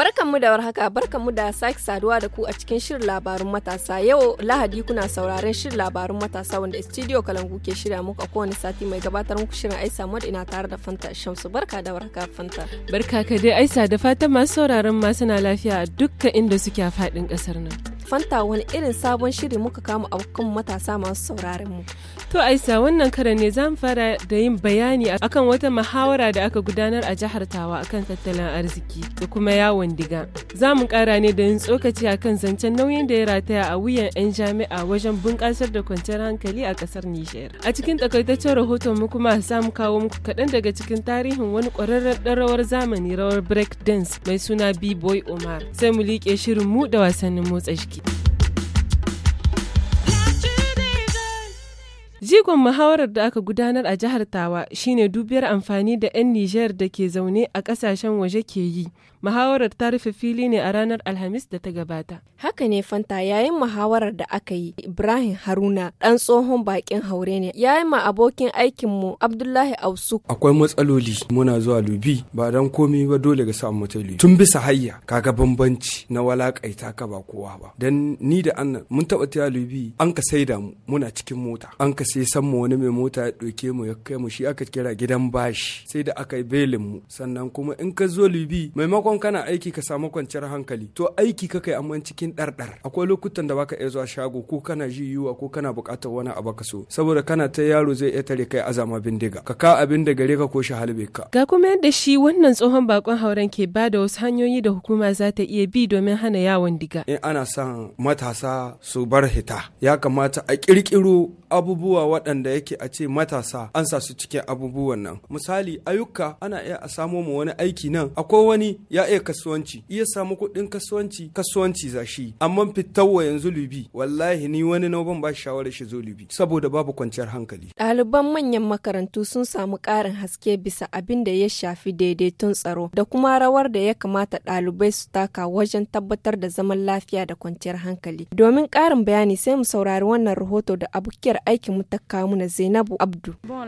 barkan mu da warhaka, barkan mu da sake saduwa da ku a cikin shirin labarun matasa. Yau Lahadi kuna sauraron shirin labarun matasa wanda Studio Kalangu ke shirya muku a kowane sati mai gabatar muku shirin Aisa Mod ina tare da Fanta Shamsu. Barka da warhaka Fanta. Barka ka dai Aisa da fatan masu sauraron masu na lafiya a dukkan inda suke a faɗin ƙasar nan. Fanta wani irin sabon shiri muka kama a kan matasa masu sauraron mu. To Aisha wannan karan ne zan fara da yin bayani akan wata muhawara da aka gudanar a jihar Tawa akan tattalin arziki da kuma yawon diga. Za mu kara ne da yin tsokaci akan zancen nauyin da ya rataya a wuyan 'yan jami'a wajen bunƙasar da kwanciyar hankali a ƙasar Nijar. A cikin takaitaccen rahoton mu kuma za mu kawo muku kaɗan daga cikin tarihin wani ƙwararren ɗan rawar zamani rawar break dance mai suna B-Boy Omar. Sai mu liƙe shirin mu da wasannin motsa jiki. Jigon muhawarar da aka gudanar a jihar Tawa shine dubiyar amfani da 'yan Nijar da ke zaune a kasashen waje ke yi. Muhawarar ta rufe fili ne a ranar Alhamis da ta gabata. Haka ne Fanta yayin muhawarar da aka yi Ibrahim Haruna ɗan tsohon bakin haure ne ya ma abokin aikin mu Abdullahi Ausu. Akwai matsaloli muna zuwa lubi ba dan komai ba dole ga samu Lubi. Tun bisa hayya kaga bambanci na walakaita ka ba kowa ba. Dan ni da Annan mun taɓa taya lubi an ka saida mu muna cikin mota an ka sai san mu wani mai mota ya ɗauke mu ya kai mu shi aka kira gidan bashi sai da aka yi belin mu sannan kuma in ka zo libi maimakon kana aiki ka samu kwanciyar hankali to aiki ka kai amma cikin ɗarɗar akwai lokutan da baka iya zuwa shago ko kana ji yiwa ko kana buƙatar wani abu ka so saboda kana ta yaro zai iya tare kai azama bindiga ka ka abin da gare ka ko shi halbe ka ga kuma yadda shi wannan tsohon bakon hauren ke ba da wasu hanyoyi da hukuma za ta iya bi domin hana yawon diga in ana son matasa su bar hita ya kamata a ƙirƙiro abubuwa abubuwa waɗanda yake a ce matasa an sa su cikin abubuwan nan misali ayyuka ana iya a samo mu wani aiki nan akwai wani ya iya kasuwanci iya samu kuɗin kasuwanci kasuwanci za shi amma fitawa yanzu lubi wallahi ni wani na ban ba shawarar shi zo lubi saboda babu kwanciyar hankali ɗaliban manyan makarantu sun samu ƙarin haske bisa abin da ya shafi daidaiton tsaro da kuma rawar da ya kamata ɗalibai su taka wajen tabbatar da zaman lafiya da kwanciyar hankali domin ƙarin bayani sai mu saurari wannan rahoto da abokiyar aikin ta kawo muna Zainabu Abdu. Euh,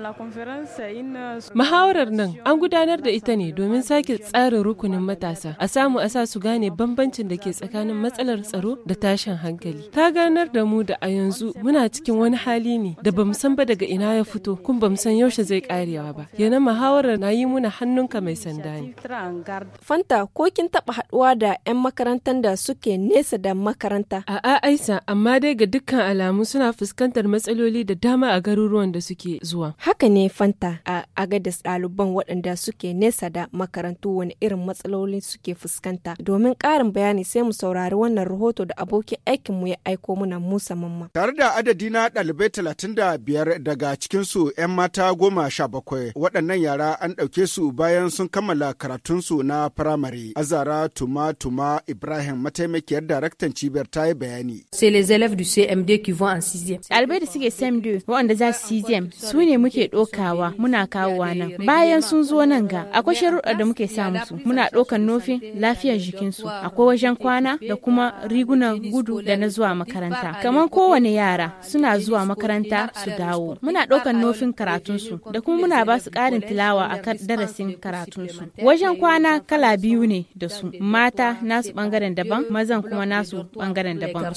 Muhawarar nan an gudanar da ita ne domin sake tsarin rukunin matasa a samu a sa su gane bambancin da ke tsakanin matsalar tsaro da tashin hankali. Ta ganar da mu da a yanzu muna cikin wani hali ne da bamu san ba daga ina ya fito kun bamu san yaushe zai karewa ba. Yana mahawarar na yi muna hannunka mai sanda ne. Fanta ko kin taba haduwa da 'yan makarantar da suke nesa da makaranta? A'a Aisa amma dai ga dukkan alamu suna fuskantar matsaloli da dama. dama a garuruwan da suke zuwa. Haka ne Fanta a Agadis ɗaliban waɗanda suke nesa da makarantu wani irin matsaloli suke fuskanta. Domin ƙarin bayani sai mu saurari wannan rahoto da abokin mu ya aiko muna Musa Mamman. Tare da adadi na ɗalibai talatin da biyar daga cikin su 'yan mata goma sha bakwai. Waɗannan yara an ɗauke su bayan sun kammala su na firamare. Azara Tuma Tuma Ibrahim mataimakiyar daraktan cibiyar ta yi bayani. du Ɗalibai da suke SEM2 waɗanda za su yi su ne muke ɗokawa muna kawowa nan. Bayan sun zo nan ga akwai sharuɗa da muke sa musu muna ɗokan nofin lafiyar jikinsu akwai wajen kwana da kuma rigunan gudu da na zuwa makaranta. Kamar kowane yara suna zuwa makaranta su dawo. Muna ɗokan nofin karatunsu da kuma muna ba su ƙarin tilawa a kan darasin karatunsu. Wajen kwana kala biyu ne da su mata nasu ɓangaren daban mazan kuma nasu ɓangaren daban.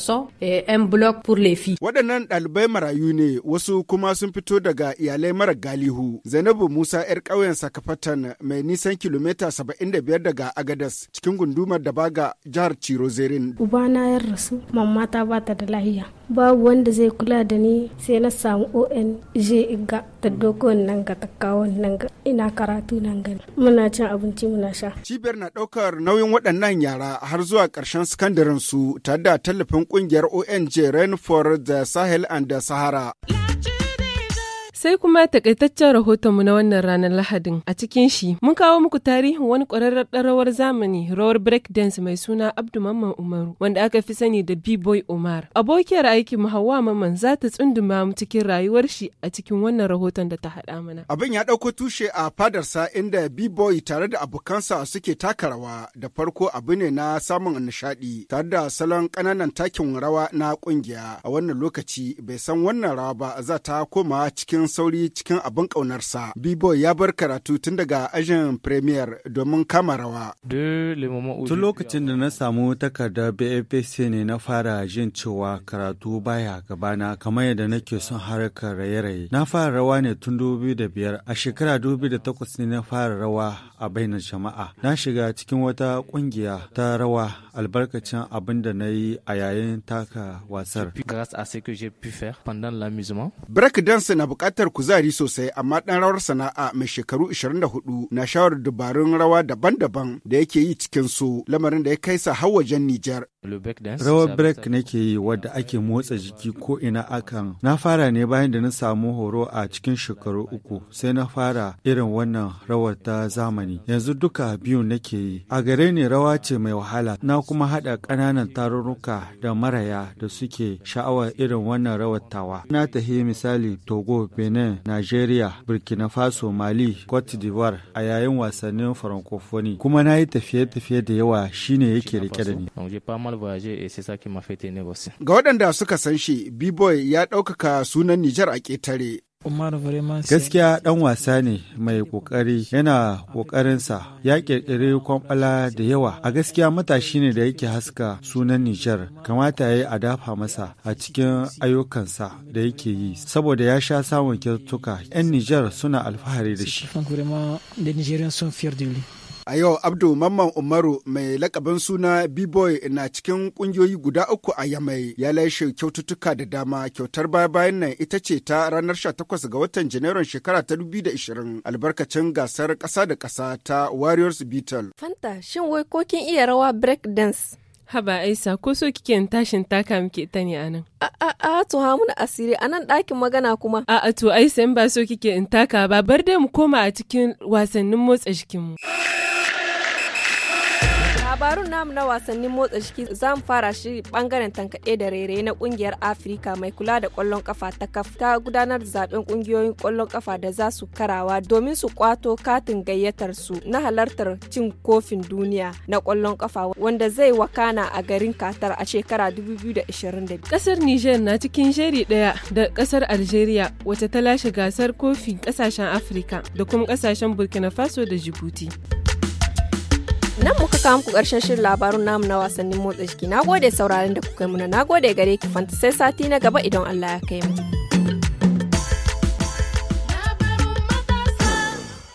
Waɗannan ɗalibai marayu ne wasu kuma sun fito daga iyalai mara galihu. Zainabu Musa 'yar ƙauyen Sakafatan mai nisan kilomita 75 daga Agadas cikin gundumar da baga jihar uba Ubana ya rasu, mamma ta bata da lahiya. Babu wanda zai kula da ni sai na samu ON je da dokon nan ga takawon nan ga ina karatu nan gani. Muna cin abinci muna sha. Cibiyar na ɗaukar nauyin waɗannan yara har zuwa ƙarshen sakandaren su tare da tallafin ƙungiyar ONG Rain for the Sahel and the Sahara. Sai kuma takaitaccen rahotonmu na wannan ranar Lahadin a cikin shi mun kawo muku tarihin wani ƙwararren rawar zamani rawar break dance mai suna Abdu Mamman Umaru wanda aka fi sani da B-boy Umar. Abokiyar aikin mu hawa Mamman za ta tsunduma mu cikin rayuwar shi a cikin wannan rahoton da ta haɗa mana. Abin ya ɗauko tushe a fadarsa inda B-boy tare da abokansa suke taka rawa da farko abu ne na samun nishaɗi tare da salon ƙananan takin rawa na ƙungiya a wannan lokaci bai san wannan rawa ba za ta koma cikin sauri cikin abin ƙaunarsa. B-boy ya bar karatu tun daga ajin premier domin kama rawa. Tun lokacin da na samu takardar BFC ne na fara jin cewa karatu baya gabana kamar yadda nake son harkar raye-raye. Na fara rawa ne tun biyar a shekara takwas ne na fara rawa a bainar jama'a. Na shiga cikin wata kungiya ta rawa albarkacin abin da na yi a yayin taka wasar. Break dance na bukatar buƙatar kuzari sosai amma ɗan rawar sana'a mai shekaru 24 na shawar dabarun rawa daban-daban da yake yi cikin su lamarin da ya kai sa har wajen Nijar. Rawar break nake yi wadda ake motsa jiki ko ina akan. Na fara ne bayan da na samu horo a cikin shekaru uku sai na fara irin wannan rawar ta zamani. Yanzu duka biyu nake yi. A gare ni rawa ce mai wahala na kuma haɗa ƙananan tarurruka da maraya da suke sha'awar irin wannan rawar tawa. Na tahi misali Togo, Benin, Nigeria, Burkina Faso, Mali, Cote d'Ivoire a yayin wasannin Francophonie. Kuma na yi tafiye-tafiye da yawa shine yake rike da ni. mal et c'est ça qui m'a fait tenir aussi ga waɗanda suka san shi b-boy ya ɗaukaka sunan Nijar a ketare. Gaskiya ɗan wasa ne mai ƙoƙari yana ƙoƙarinsa ya ƙirƙiri kwamfala da yawa. A gaskiya matashi ne da yake haska sunan Nijar kamata ya yi a dafa masa a cikin ayyukansa da yake yi saboda ya sha samun kyautuka 'yan Nijar suna alfahari da shi. A yau Abdu Mamman Umaru mai lakabin suna B-Boy na cikin kungiyoyi guda uku a Yamai ya lashe kyaututtuka da dama kyautar baya bayan nan ita ce ta ranar 18 ga watan Janairun shekara ta 2020 albarkacin gasar kasa da kasa ta Warriors Beetle. Fanta shin wai kokin iya rawa break dance? Haba Aisa, ko so kike tashin taka muke ta ne anan? A a a to ha mun asiri anan ɗakin magana kuma. A a to Aisa in ba so kike in taka ba bar dai mu koma a cikin wasannin motsa jikinmu. mu. labarun namu na wasannin motsa jiki za mu fara shi bangaren tankaɗe da rere na kungiyar afirka mai kula da kwallon kafa ta kaf ta gudanar da zaben kungiyoyin kwallon kafa da za su karawa domin su kwato katin gayyatar su na halartar cin kofin duniya na kwallon kafa wanda zai wakana a garin katar a shekara 2022 kasar niger na cikin shiri daya da kasar algeria wacce ta lashe gasar kofin kasashen afirka da kuma kasashen burkina faso da jibuti Nan muka kawo muku ƙarshen shirin labarun namu na wasannin motsa jiki. Na gode sauraron da kuka yi muna. Na gode gare ki fanta sai sati na gaba idan Allah ya kai mu.